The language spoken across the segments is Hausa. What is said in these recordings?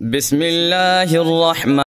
بسم الله الرحمن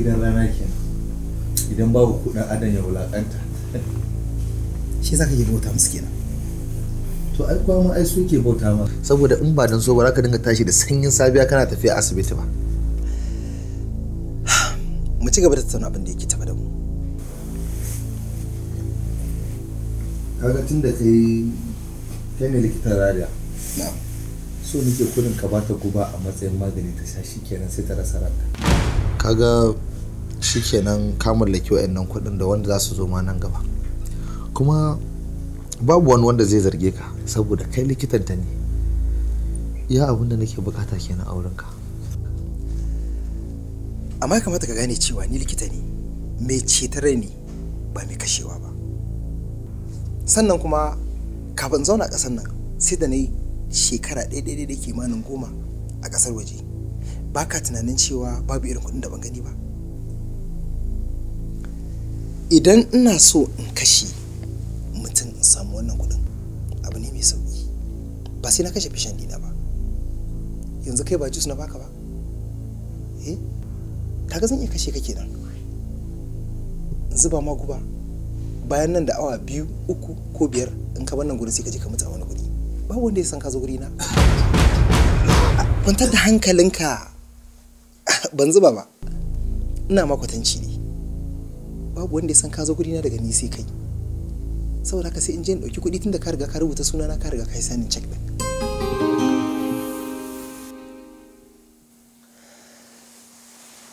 gidan rana ke idan babu kuɗin adan ya wulaƙanta shi zaka yi bauta musu kenan to ai kwamon ai su ke bauta ma saboda in ba don so ba za ka dinga tashi da sanyin safiya kana tafiya asibiti ba mu ci gaba da tattauna abin da yake tafa da mu kaga tun da kai kai ne likitan rariya so nake kudin ka bata guba a matsayin magani ta sha shi kenan sai ta rasa ranka kaga shikenan ka mallaki wayannan kuɗin da wanda za su zo ma nan gaba kuma babu wani wanda zai zarge ka saboda kai likitanta ne ya abin da nake bukata kenan a wurinka amma ya kamata ka gane cewa ni likita ne mai cetar ne ba mai kashewa ba sannan kuma kafin zauna a ƙasar nan sai da na yi shekara ɗaya da kimanin goma a kasar waje ba ka tunanin cewa babu irin kuɗin da ban gani ba idan ina so in kashe mutum in samu wannan kuɗin abu ne mai sauki ba sai na kashe fishan dina ba yanzu kai ba jus na baka ba eh kaga zan iya kashe ka nan zuba ma guba bayan nan da awa biyu uku ko biyar in ka wannan gurin sai ka je ka mutu a wani guri ba wanda ya san ka zo guri na kwantar da hankalinka ah, ban zuba ba ina makwatanci ne babu wanda ya san ka zo na daga ni kai saboda ka sai in je in dauki kuɗi tunda ka riga ka rubuta sunana ka riga ka yi sanin cek ɗin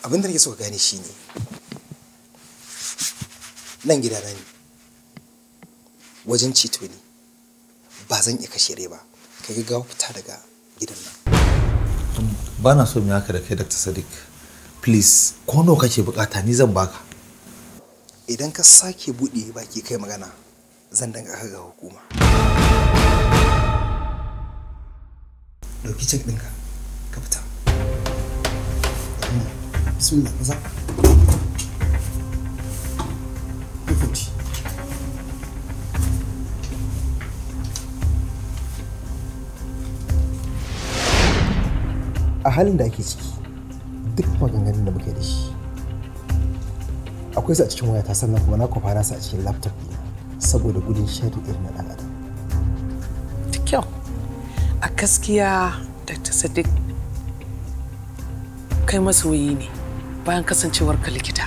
abin da nake so ka gane shi ne nan gidana ne wajen ceto ne ba zan iya kashe rai ba ka ga fita daga gidan nan ba na so mu haka da kai dr sadiq please ko nawa kake bukata ni zan baka idan ka sake buɗe baki kai magana zan danga ka ga hukuma ɗauki ɗinka ka fita bismillah maza a halin da ake ciki duk maganganun da muke da shi akwai su a cikin wayata sannan kuma na kwafara su a cikin laptop ɗin saboda gudun shaidin irin na ɗan adam da kyau a gaskiya dr sadiq kai masoyi ne bayan kasancewar ka likita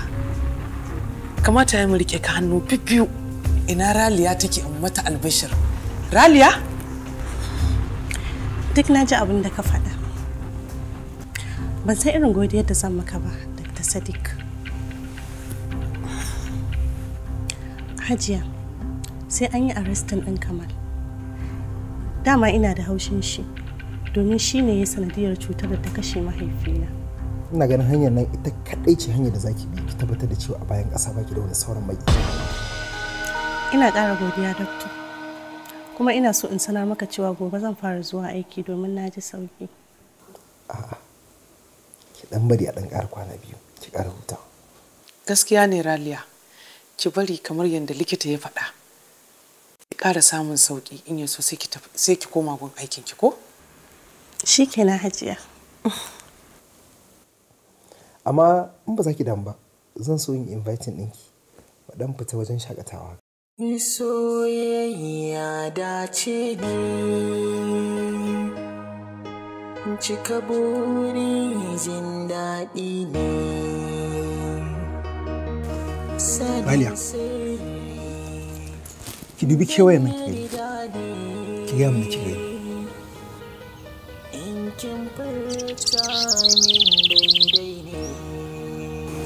kamata ya mu rike ka hannu biyu ina raliya take in mata albashir. raliya duk na ji abin da ka faɗa ban san irin godiyar da zan maka ba dr sadiq hajiya sai an yi arrestin ɗin kamal dama ina da haushin shi domin shi ne ya sanadiyar cutar da ta kashe mahaifina ina ganin hanyar nan ita kaɗai ce hanyar da za ki bi ki tabbatar da cewa a bayan ƙasa ba ki da wani sauran mai ina ƙara godiya doctor kuma ina so in sanar maka cewa gobe zan fara zuwa aiki domin na ji sauki a'a ki dan bari a ɗan ƙara kwana biyu ki ƙara hutawa gaskiya ne raliya ki bari kamar yadda likita ya faɗa ki ƙara samun sauƙi in yaso sai ki sai ki koma gun aikin ki ko shikenan hajiya amma in ba za ki damu ba zan so yin inviting ɗinki ba dan fita wajen shakatawa soyayya ce ne cika burin jin daɗi ne Baliya, ki dubi kewaye min ki gani, ki gaya min ki gani.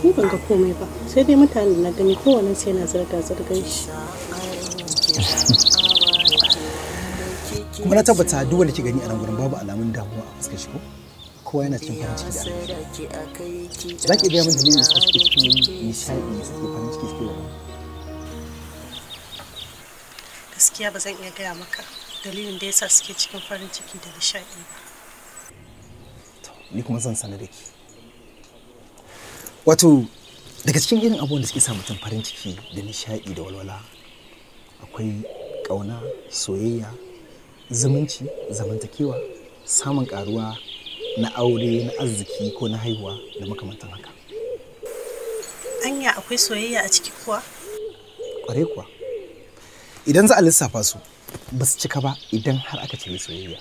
Ni ban ga komai ba, sai dai mutanen na gani kowane sai na zarga zirgar shi. Kuma na tabbata duk wanda ki gani a nan gurin babu alamun damuwa a fuskar shi ko? kowa yana cin farin ciki da arziki za ki gaya min dalilin da suke cikin nishaɗi suke farin ciki suke wani gaskiya ba zan iya gaya maka dalilin da yasa suke cikin farin ciki da nishaɗi ba ni kuma zan sanar da ke. wato daga cikin irin abubuwan da suke sa mutum farin ciki da nishaɗi da walwala akwai ƙauna soyayya zumunci zamantakewa samun ƙaruwa na aure na arziki ko na haihuwa da makamantan haka anya akwai soyayya a ciki kuwa kware kuwa idan za a lissafa su ba su cika ba idan har aka cire soyayya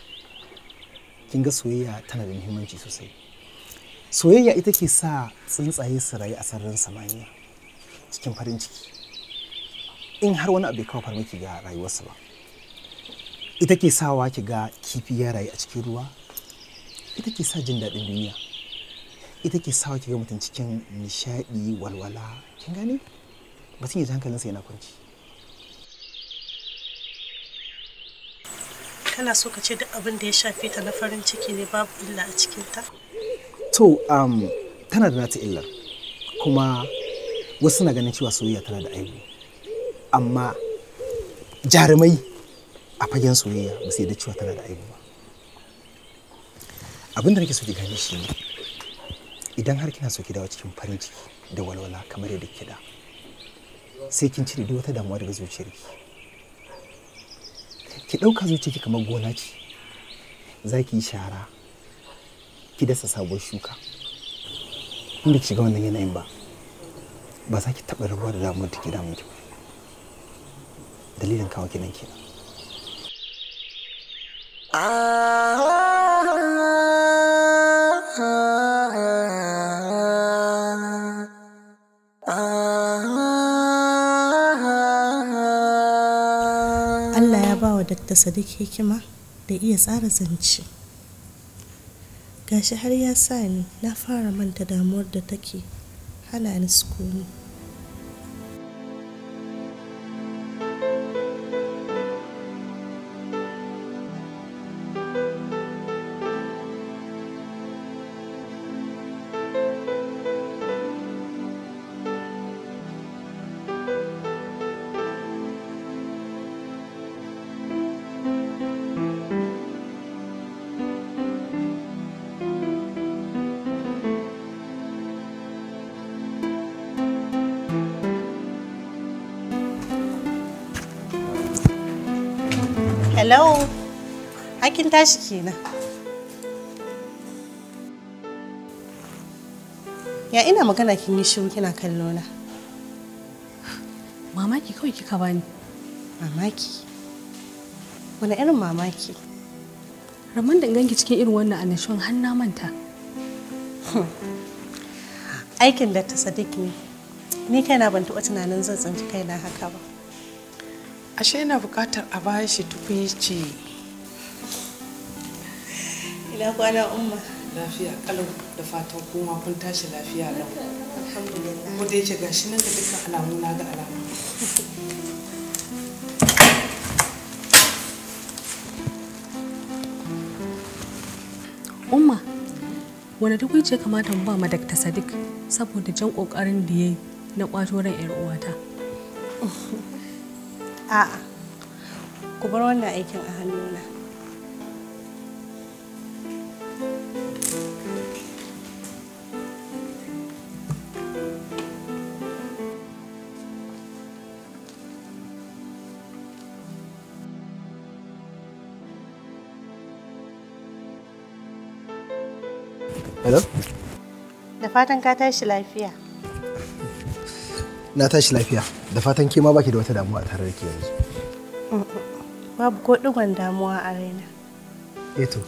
kin ga soyayya tana da muhimmanci sosai soyayya ita ke sa tsuntsaye su rayu a sararin samaniya cikin farin ciki in har wani abu ya kawo farmaki ga rayuwarsa ba ita ke sawa ki ga kifi ya rayu a cikin ruwa ita ke sa jin daɗin duniya ita ke sa ga mutum cikin nishaɗi walwala kin gane mutum ya ji hankalinsa yana kwanci kana so ka ce duk abin da ya shafe ta na farin ciki ne babu illa a cikinta? to um, tana da nata illa kuma wasu na ganin cewa soyayya tana da aibu amma jarumai a fagen soyayya ba sai da cewa tana da aibu Abin abinda nake so ki gane shi ne idan har kina so ki dawo cikin farin ciki da walwala kamar yadda kike da sai kin cire duk wata damuwa daga zuciyarki ki ɗauka zuciyarki kamar gona ce za ki yi shara ki dasa sabuwar shuka inda ba ki shiga wannan yanayin ba ba za ki taɓa rabuwa da damuwar da ke damun ki ba dalilin kawo kinan kenan ah! da ta Sadiq hikima da iya tsara zance. Gashi har ya sa ni na fara manta damuwar da take hana ni sukuni. kin tashi kenan. Ya ina magana kin yi shiru kina kallo na. Mamaki kawai kika bani. Mamaki? Wani irin mamaki? Ramon da ganki cikin irin wannan annashuwan har na manta. Aikin da ta Sadiq ne. Ni kaina ban taɓa tunanin zan tsinci kaina haka ba. Ashe yana buƙatar a bashi tukuici Ina kwana umma. Lafiya kalau da fatan kuma kun tashi lafiya lau. Alhamdulillah. Mu dai ce gashi nan da dukkan alamu na ga alamu. Umma, wani duk ce kamata mu ba ma Dr. Sadiq saboda jan kokarin da yayi na kwato ran yar uwata. A'a. Ku bar wannan aikin a hannuna. fatan ka tashi lafiya. Na tashi lafiya. Da fatan ke ma baki da wata damuwa tare da ke yanzu. Babu ko digon damuwa a raina. Eh to,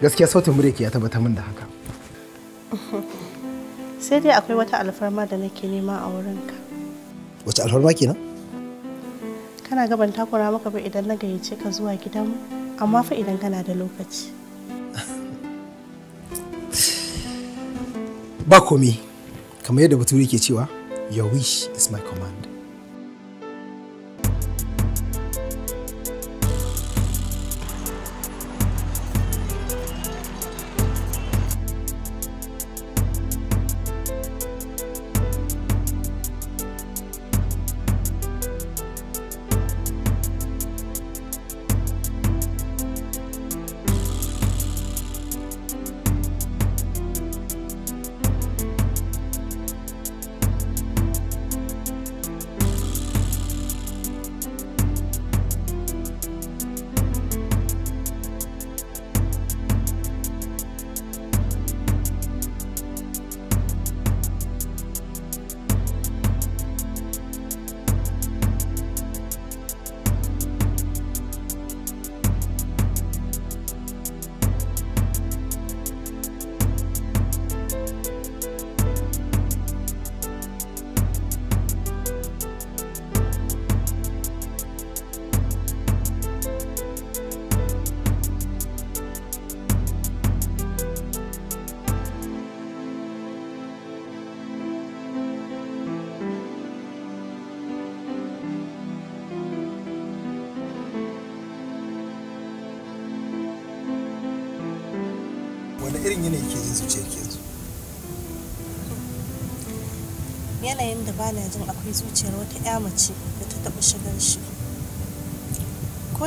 gaskiya sautin murya ya tabbata min da haka. Sai dai akwai wata alfarma da nake nema a wurinka. Wace alfarma ke nan? Kana gaban takura maka ba idan na gayyace ka zuwa gidanmu, amma fa idan kana da lokaci. ba komi kamar yadda bature ke cewa your wish is my command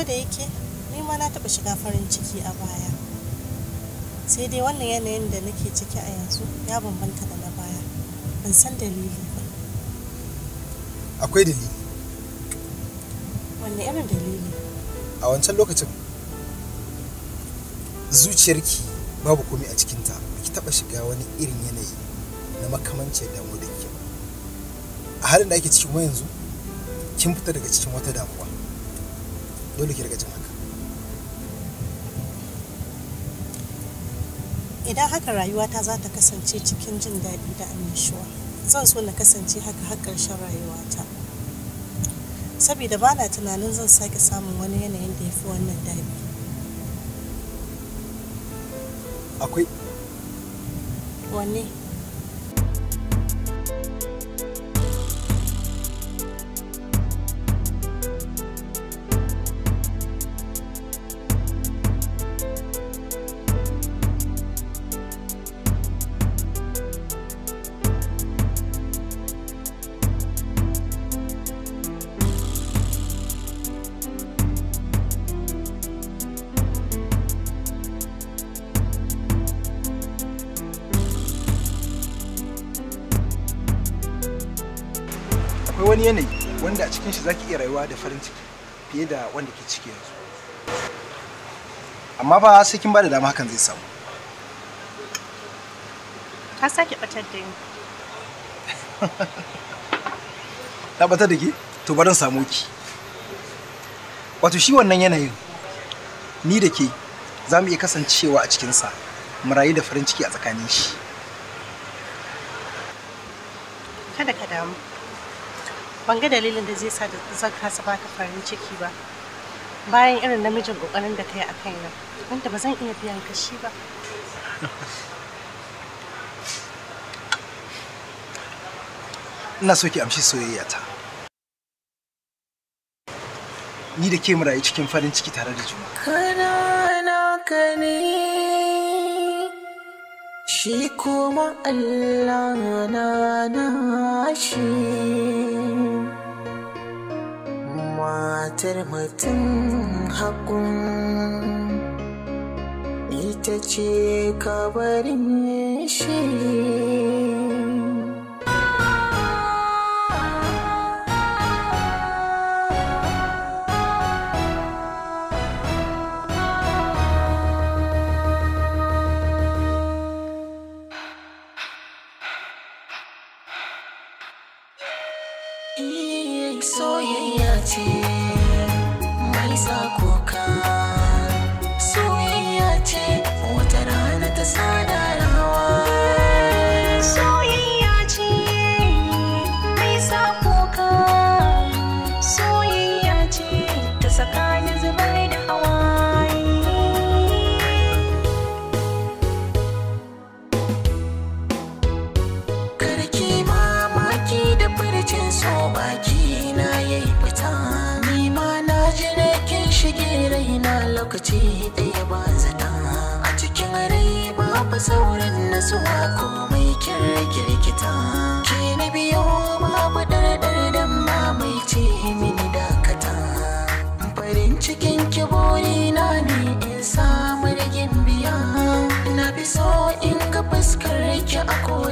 da yake ni ma na taɓa shiga farin ciki a baya sai dai wannan yanayin da nake ciki a yanzu ya bambanta da na baya ban san dalili ba akwai dalili wanne irin dalili a wancan lokacin zuciyarki babu komai a cikinta baki ki taɓa shiga wani irin yanayi na makamanci damu da ke a halin da ake cikin yanzu kin fita daga cikin wata damu dole ki riga jin haka idan haka rayuwata za ta kasance cikin jin daɗi da annishuwa zan so na kasance haka har ƙarshen rayuwata saboda ba na tunanin zan sake samun wani yanayin da ya fi wannan daɗi akwai wanne rayuwa da farin ciki fiye da wanda ke ciki yanzu amma ba sai kin ba da dama hakan zai samu ka sake batar da ni ta batar da ke to barin samu ki wato shi wannan yanayin ni da ke za mu iya kasancewa a cikinsa mu rayu da farin ciki a tsakanin shi kada ka damu ban ga dalilin da zai sa da zan kasa baka farin ciki ba bayan irin namijin kokarin da kai a kaina wanda ba zan iya biyan kashi ba ina so ki amshi soyayya ta ni da ke mu rayu cikin farin ciki tare da juna kana na kani shi kuma Allah na shi matar mutum hakun ita ce kabarin shi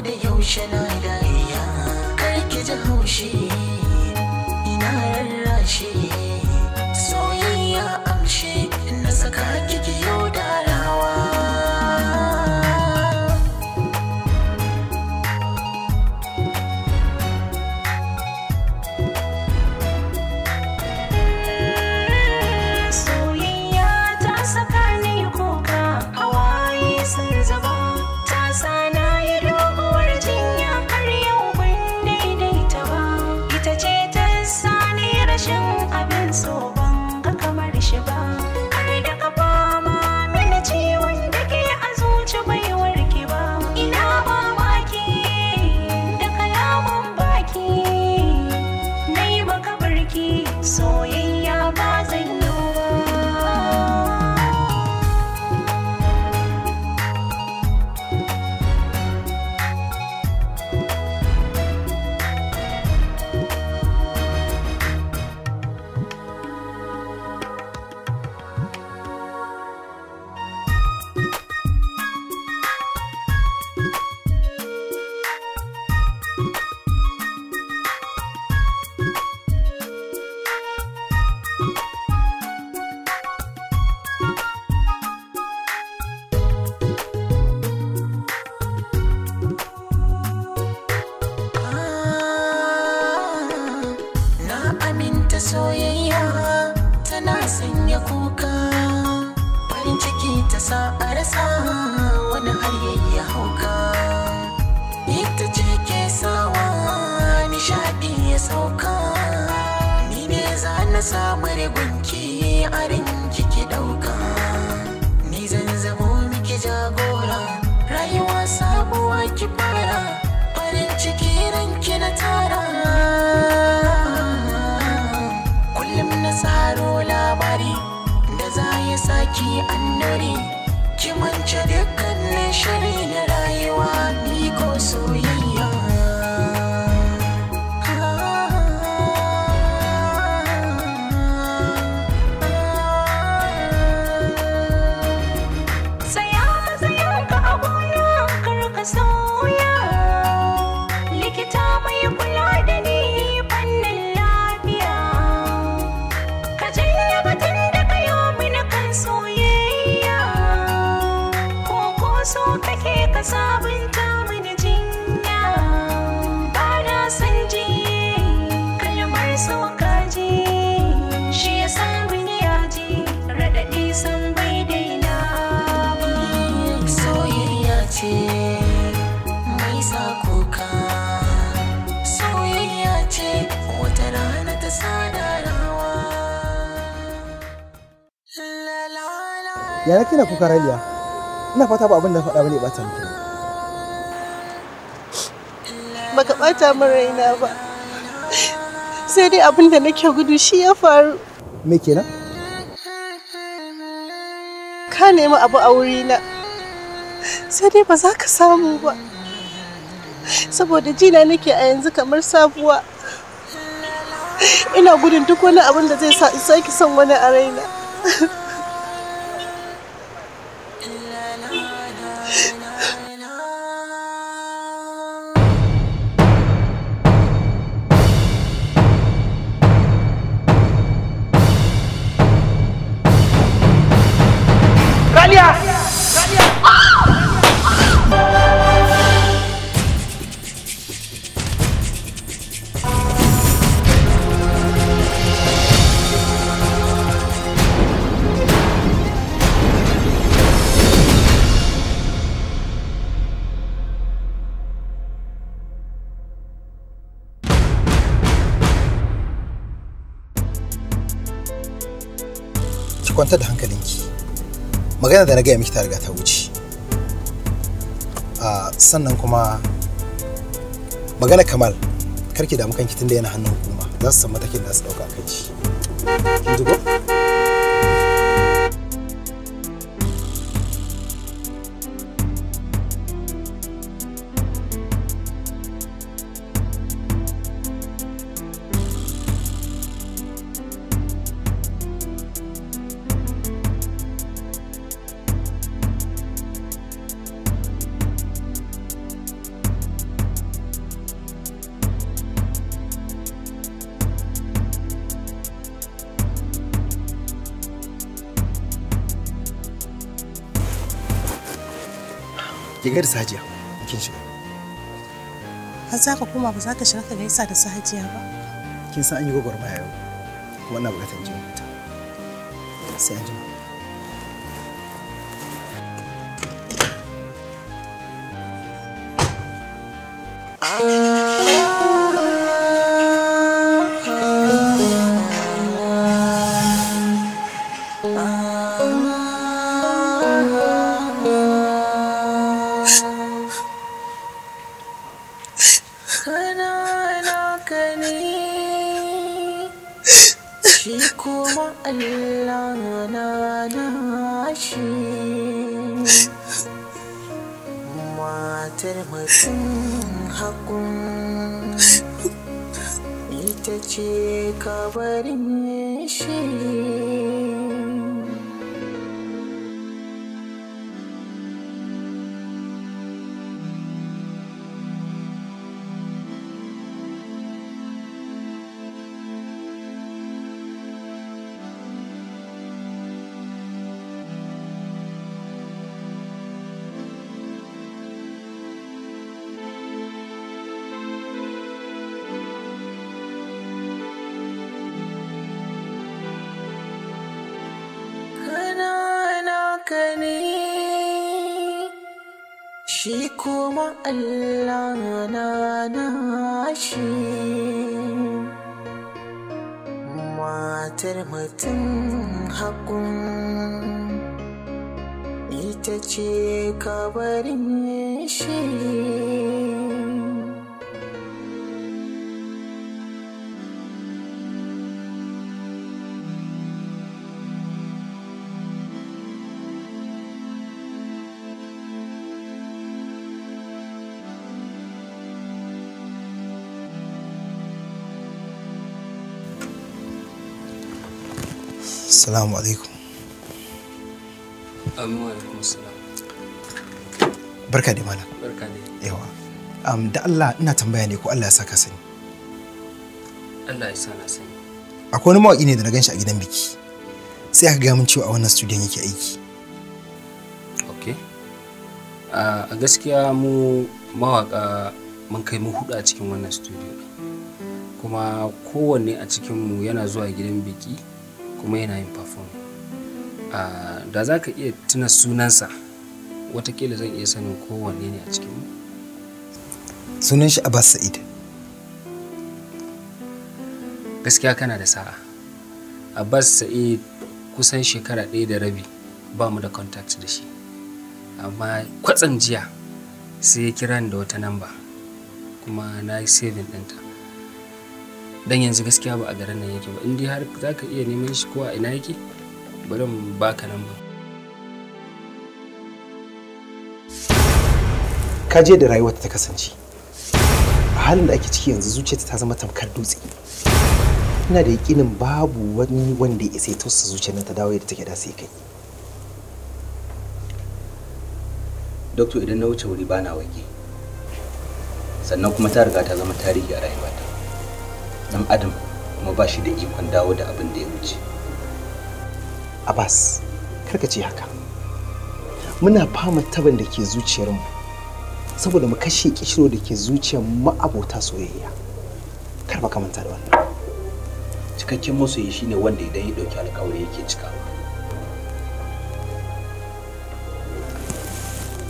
da yaushe na dariya kar ki ji haushi sake ka sabunta mini jinya ba na san ji kalmar sauka ji shi ya samu ni yaji raɗaɗi san bai daina ba soyayya ce mai sa kuka soyayya ce wata rana ta sada rawa yaya kina kuka raliya ina fata ba abin da faɗa bane ɓata miki baka ɓata min raina ba sai dai abin da nake gudu shi ya faru me kenan ka nemi abu a wurina sai dai ba za ka samu ba saboda jina nake a yanzu kamar sabuwa ina gudun duk wani abin da zai sa sake son wani a raina kwantar da hankalinki magana da na gaya miki ta riga ta wuce ah, sannan kuma magana kamal karki damu kanki tunda yana hannun hukuma za su samu matakin da su dauka kai kin ji ko shiga da sahajiya kin shiga har za ka koma ba za ka shiga ka gaisa da sahajiya ba kin san an yi gwagwarmaya yau kuma ina bukatar jin huta sai an jima Hakun ita ce kabarin shi Assalamu alaikum. alaikum salam. Barka da malam. Barka da. Yawa. Um, da Allah ina tambaya ne ko Allah ya saka sani. Allah ya sana sani. Akwai wani mawaƙi ne da na ganshi a gidan biki. Sai aka gaya min cewa a wannan studio yake aiki. Okay. Uh, a gaskiya mu mawaƙa mun kai mu hudu a cikin wannan studio. Kuma kowanne a cikinmu yana zuwa gidan biki. kuma yana yin perform da za ka iya tuna sunansa watakila zan iya sanin kowanne ne a cikin sunan shi abbas sa'id gaskiya kana da sa'a abbas sa'id kusan shekara ɗaya da rabi ba mu da contact da shi amma kwatsan jiya sai ya kira ni da wata namba kuma na yi saving ɗinta dan yanzu gaskiya ba a garin nan yake ba in dai har za ka iya neman shi ko a ina yake bari mu baka nan ba ka je da rayuwar ta kasance a halin da ake ciki yanzu zuciyarta ta zama tamkar dutse ina da yakinin babu wani wanda ya sai tosa zuciyar ta dawo yadda take da sai kai doktor idan na wuce wuri ba na wage sannan kuma ta riga ta zama tarihi a rayuwata dan adam kuma ba shi da ikon dawo da abin da ya wuce abbas karka ce haka muna fama taban da ke zuciyarmu saboda mu kashe kishiro da ke zuciyar ma'abota soyayya kar ba manta da wannan cikakken masoyi shine wanda idan ya ɗauki alkawari yake cika.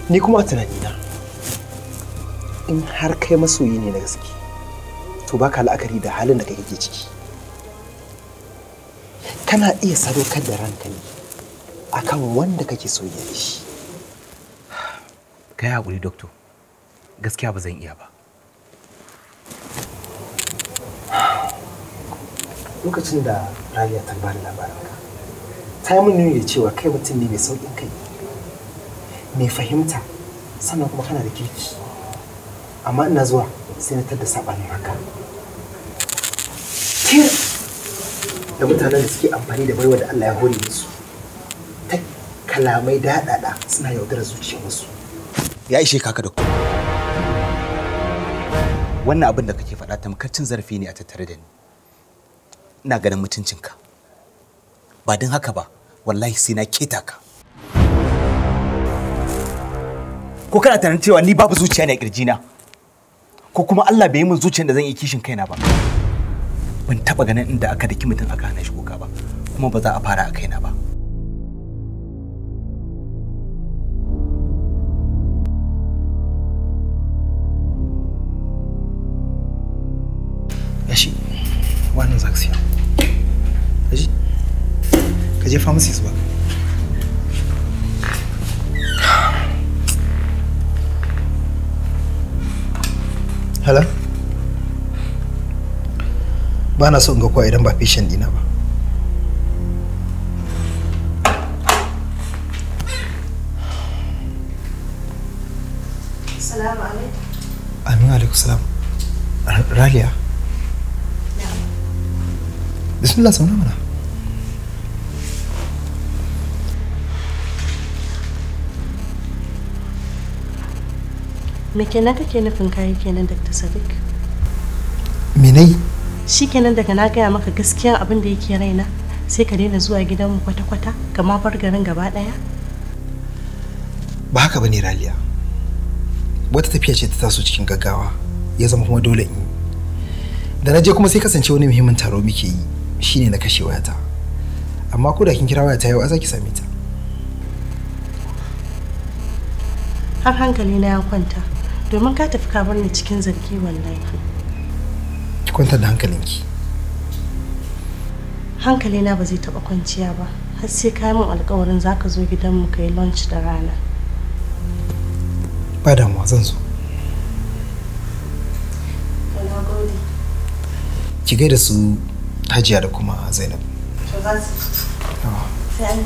ni kuma a tunanina in har kai masoyi ne na gaske to baka la'akari da halin da kake ciki kana iya sadaukar da ranka ne akan wanda kake so ya shi kai hakuri doctor gaskiya ba zan iya ba lokacin da rayuwa ta bani labarinka ta yi mun da cewa kai mutum ne mai saukin kai mai fahimta sannan kuma kana da kirki amma ina zuwa sai na tada sabanin haka kir da mutanen da suke amfani da baiwa da Allah ya hore musu ta kalamai daɗaɗa suna yaudara zuciyar musu ya ishe kaka da ku wannan abin da kake faɗa tamkar cin zarafi ne a tattare da ni ina ganin mutuncinka ba don haka ba wallahi sai na keta ka ko kana tunanin cewa ni babu zuciya ne a na? ko kuma Allah bai yi min zuciyar da zan yi kishin kaina ba ban taba ganin inda aka daki mutum aka hana shi kuka ba kuma ba za a fara a kaina ba yashi wannan zaksiya yashi ka je pharmacy zuwa. Hello? Ba na so in ga kowa idan ba patient dina ba. Salamu alaikum. Amin alaikum salam. Raliya. Bismillah sauna mana. me kenan kake nufin kayi kenan dr sadiq me shi kenan daga na gaya maka gaskiya abin da yake raina sai ka daina zuwa gidanmu kwata-kwata ga bar garin gaba daya ba haka bane raliya wata tafiya ce ta taso cikin gaggawa ya zama kuma dole in da na je kuma sai kasance wani muhimmin taro muke yi shine na kashe wayata amma ko da kin kira wayata yau a za ki same ta har hankali na ya kwanta domin ka tafi ka bar ni cikin zargi wallahi ki kwanta da hankalinki hankalina ba zai taɓa kwanciya ba har sai ka min alkawarin za ka zo gidanmu ka yi lunch da rana ba damuwa zan zo ki gaida su hajiya da kuma zainab sai an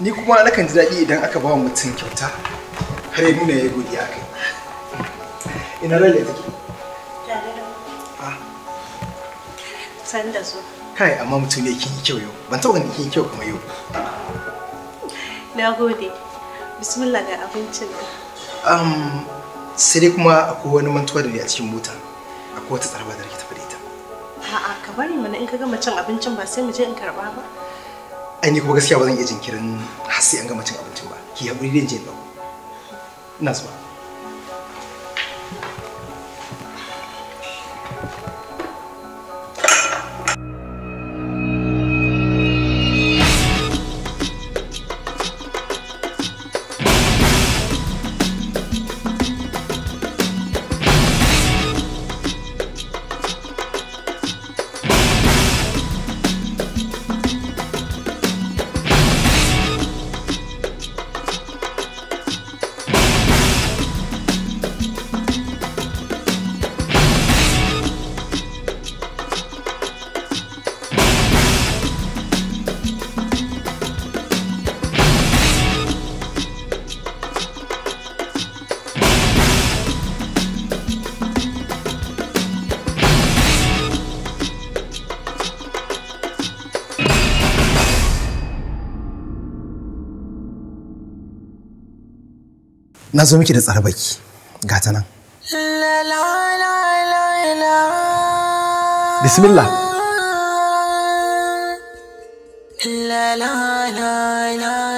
ni kuma nakan ji daɗi idan aka ba mutum kyauta har ya nuna ya a kai ina da take san da so kai amma mutum ne kin yi kyau yau ban taɓa ganin kin yi kyau kamar yau na gode bismillah ga abincin um sai dai kuma akwai wani mantuwa da ni a cikin mota akwai wata tsarba da rikita tafi da ita a'a ka bari mana in ka gama cin abincin ba sai mu je in karba ba an yi kuma gaskiya ba zan iya jinkirin har sai an gama cin abincin ba ki haƙuri da jin ina zuwa na zo miki da tsarbaki ga ta nan bismillah la la la la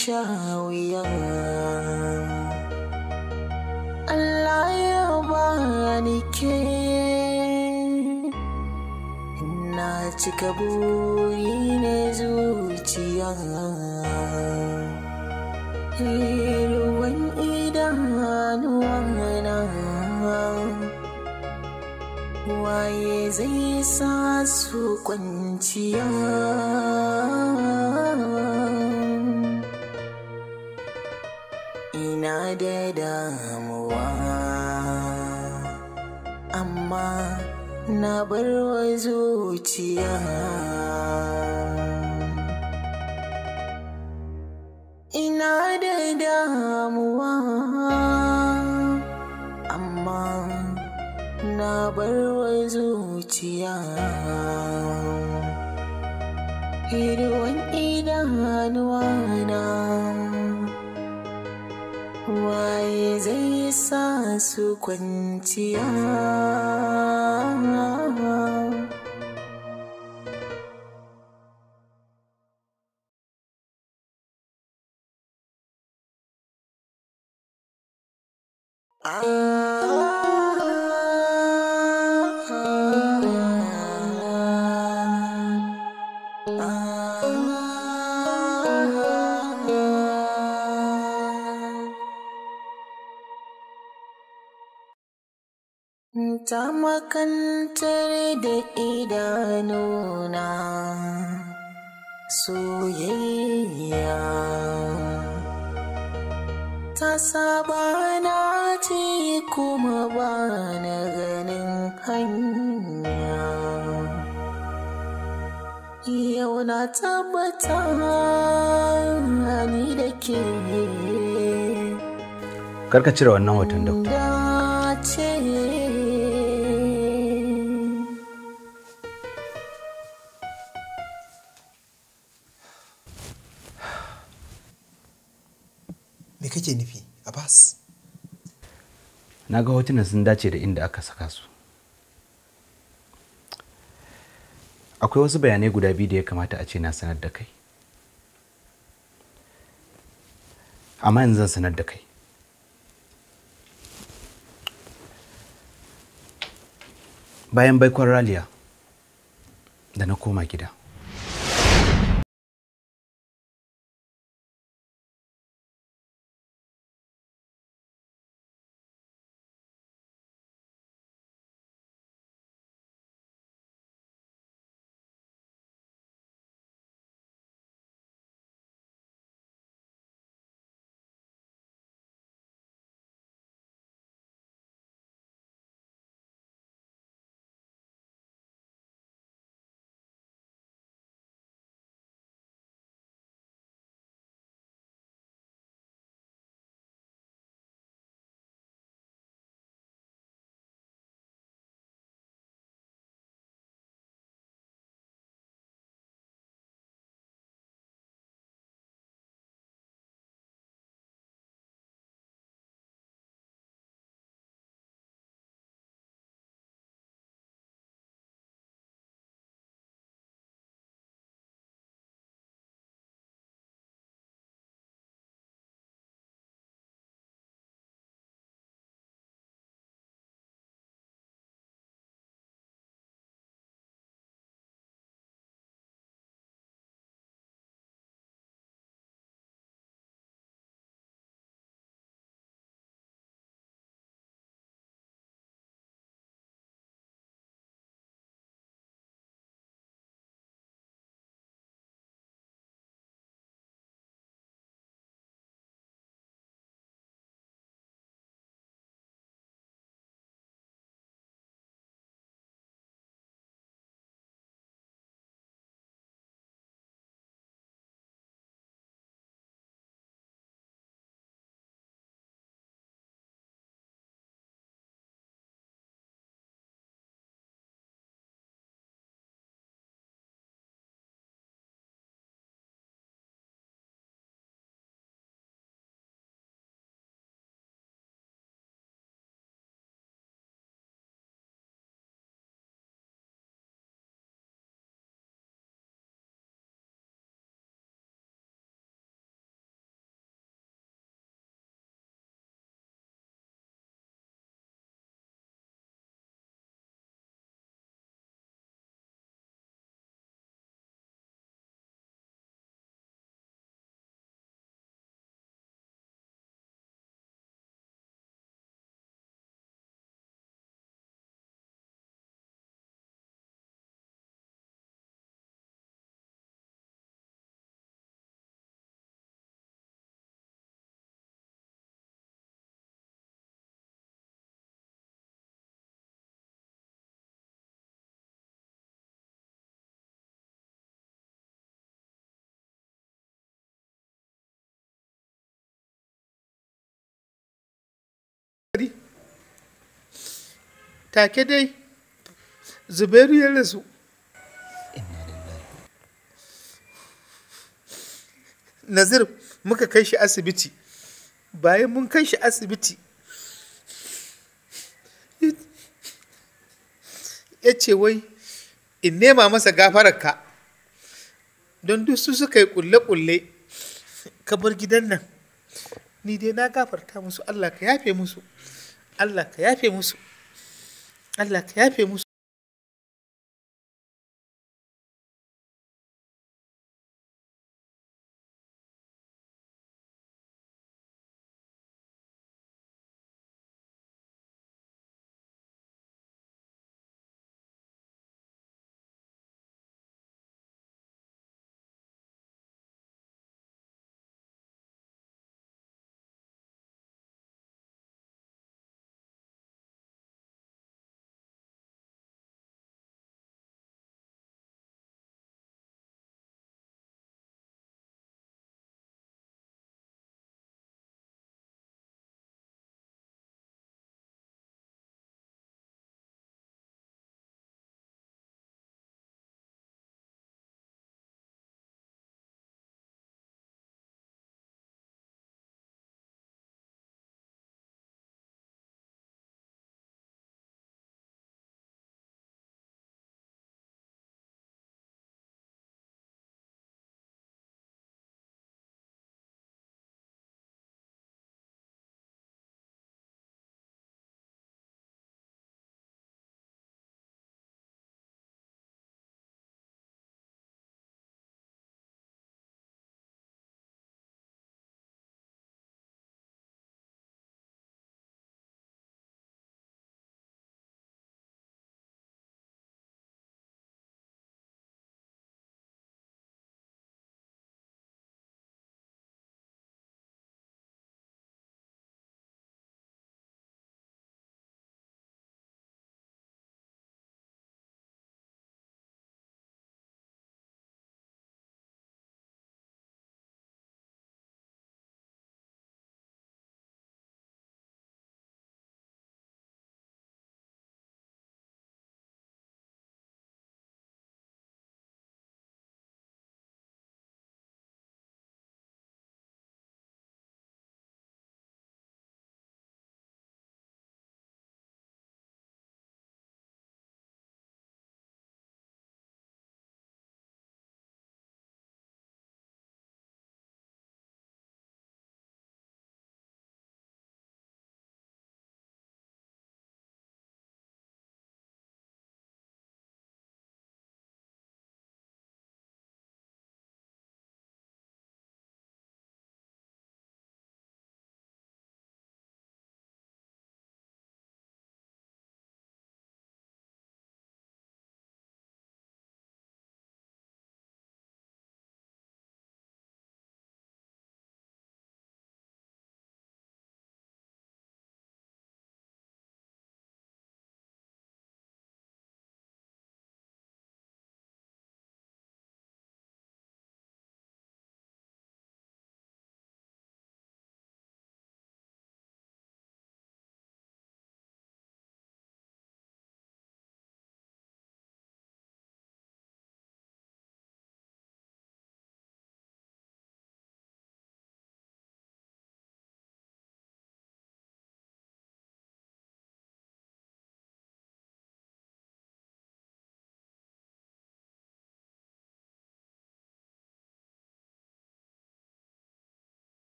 sha Allah ya bani ke na cika buri ne zuciya ruwan idanuwa waye zai sa su kwanciya da damuwa amma na bar wa zuciya ina da damuwa amma na bar wa zuciya irin idanuwa na waye zai sa su kwanciya Ah ta makantar da idanuna soyayya ta saba na ce kuma ba na ganin hanya yau na tabbata ni da ke karka cire wannan watan dokta na ga hotunan sun dace da inda aka saka su akwai wasu bayanai guda biyu da ya kamata a ce na sanar da kai amma yanzu zan sanar da kai bayan baikon raliya da na koma gida take dai zubairu ya rasu nazir muka kai shi asibiti bayan mun kai shi asibiti ya ce wai in nema masa gafararka don duk su suka yi kulle-kulle kamar gidan nan ni dai na gafarta musu Allah ka yafe musu Allah ka yafe musu Allah ka yafe musu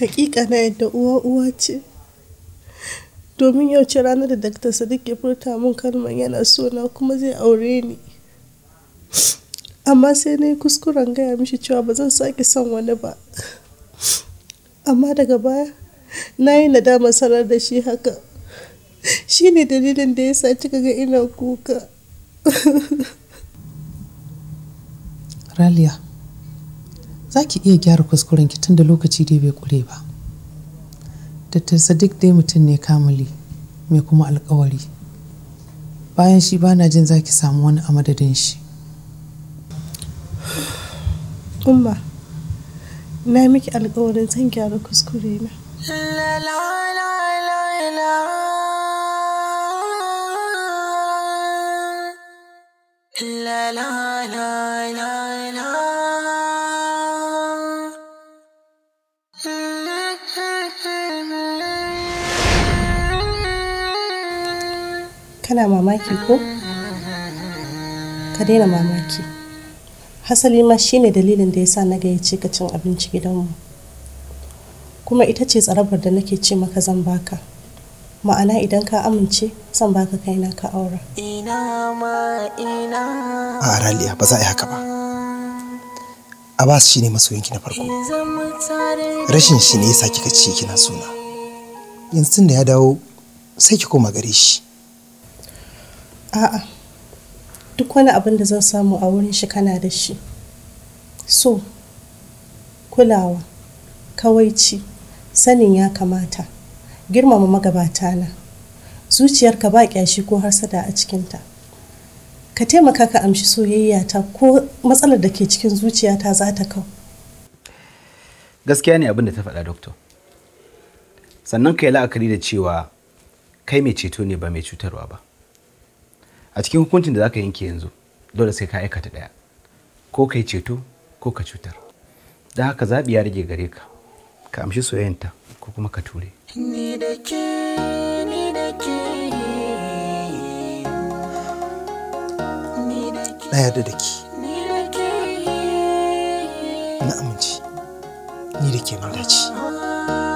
Hakika na yadda uwa uwa ce. Domin yau ce ranar da Dr. Sadiq ya furta mun kalmar yana so na kuma zai aure ni. Amma sai na yi kuskuren gaya mishi cewa ba zan sake son wani ba. Amma daga baya, na yi nadama sanar da shi haka. Shi ne dalilin da ya sa cika ga ina kuka. Raliya. za ki iya gyara kuskuren ki tun da lokaci dai bai kure ba dattar Sadiq dai mutum ne kamali mai kuma alkawari bayan shi ba na jin za ki samu wani a madadin shi umma na yi miki alkawarin zan gyara kuskure na la la la la kana mamaki ko ka daina mamaki hasali ma shine dalilin da yasa na gayyace ka cin abinci gidanmu kuma ita ce tsarabar da nake ce maka zan baka ma'ana idan ka amince zan baka kaina ka aura a araliya ba za a yi haka ba abbas shine masoyinki na farko rashin shi ne yasa kika ce kina suna yanzu da ya dawo sai ki koma gare shi a'a duk wani abin da zan samu a wurin shi kana da shi so kulawa kawaici sanin ya kamata girmama magabata na ka ba kyashi ko har sada a cikinta ka taimaka ka amshi soyayya ta ko matsalar da ke cikin zuciyata za ta kau gaskiya ne abin da ta faɗa doktor sannan ka yi la'akari da cewa kai mai ceto ne ba mai cutarwa ba a cikin hukuncin da zaka yanke yanzu dole sai ka aikata ɗaya ko kai ceto ko ka cutar da haka zaɓi ya rage gare ka ka amshi soyayyanta ko kuma ka ture ni na yarda da ke na amince ni da ke mallaci. Ah.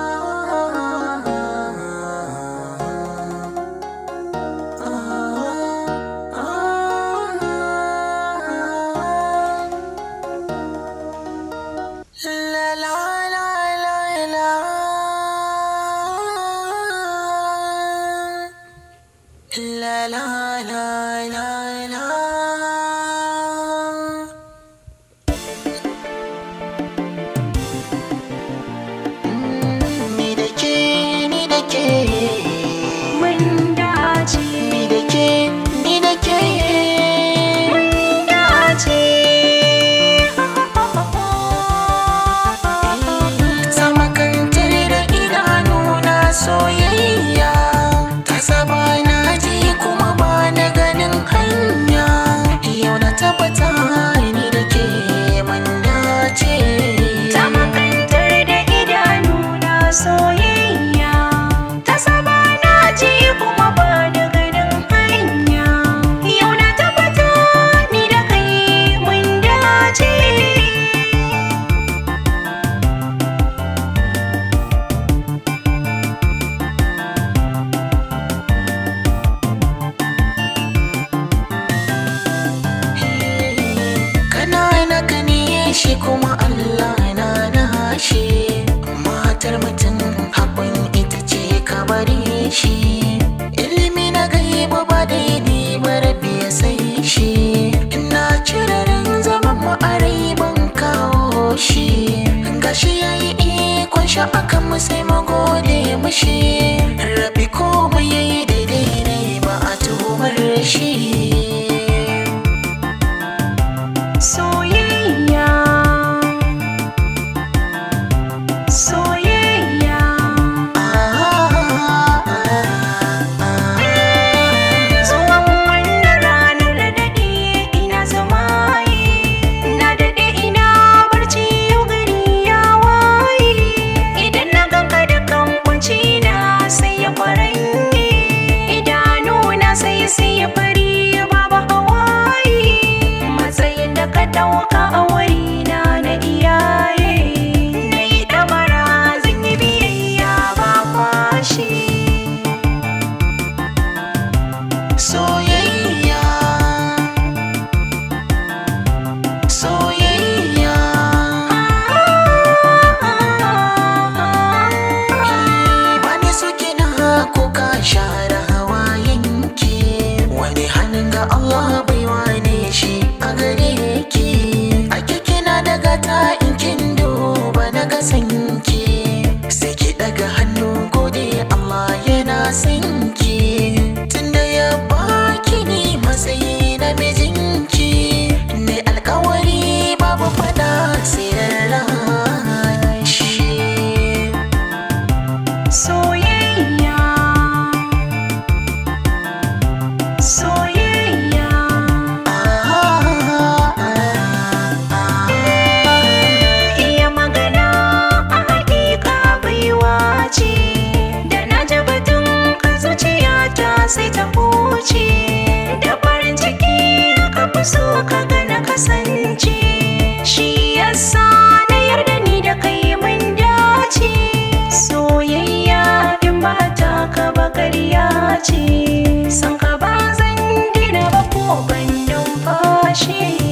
sing ƙarya ce san ka ba zan dina ba ko ban numfashi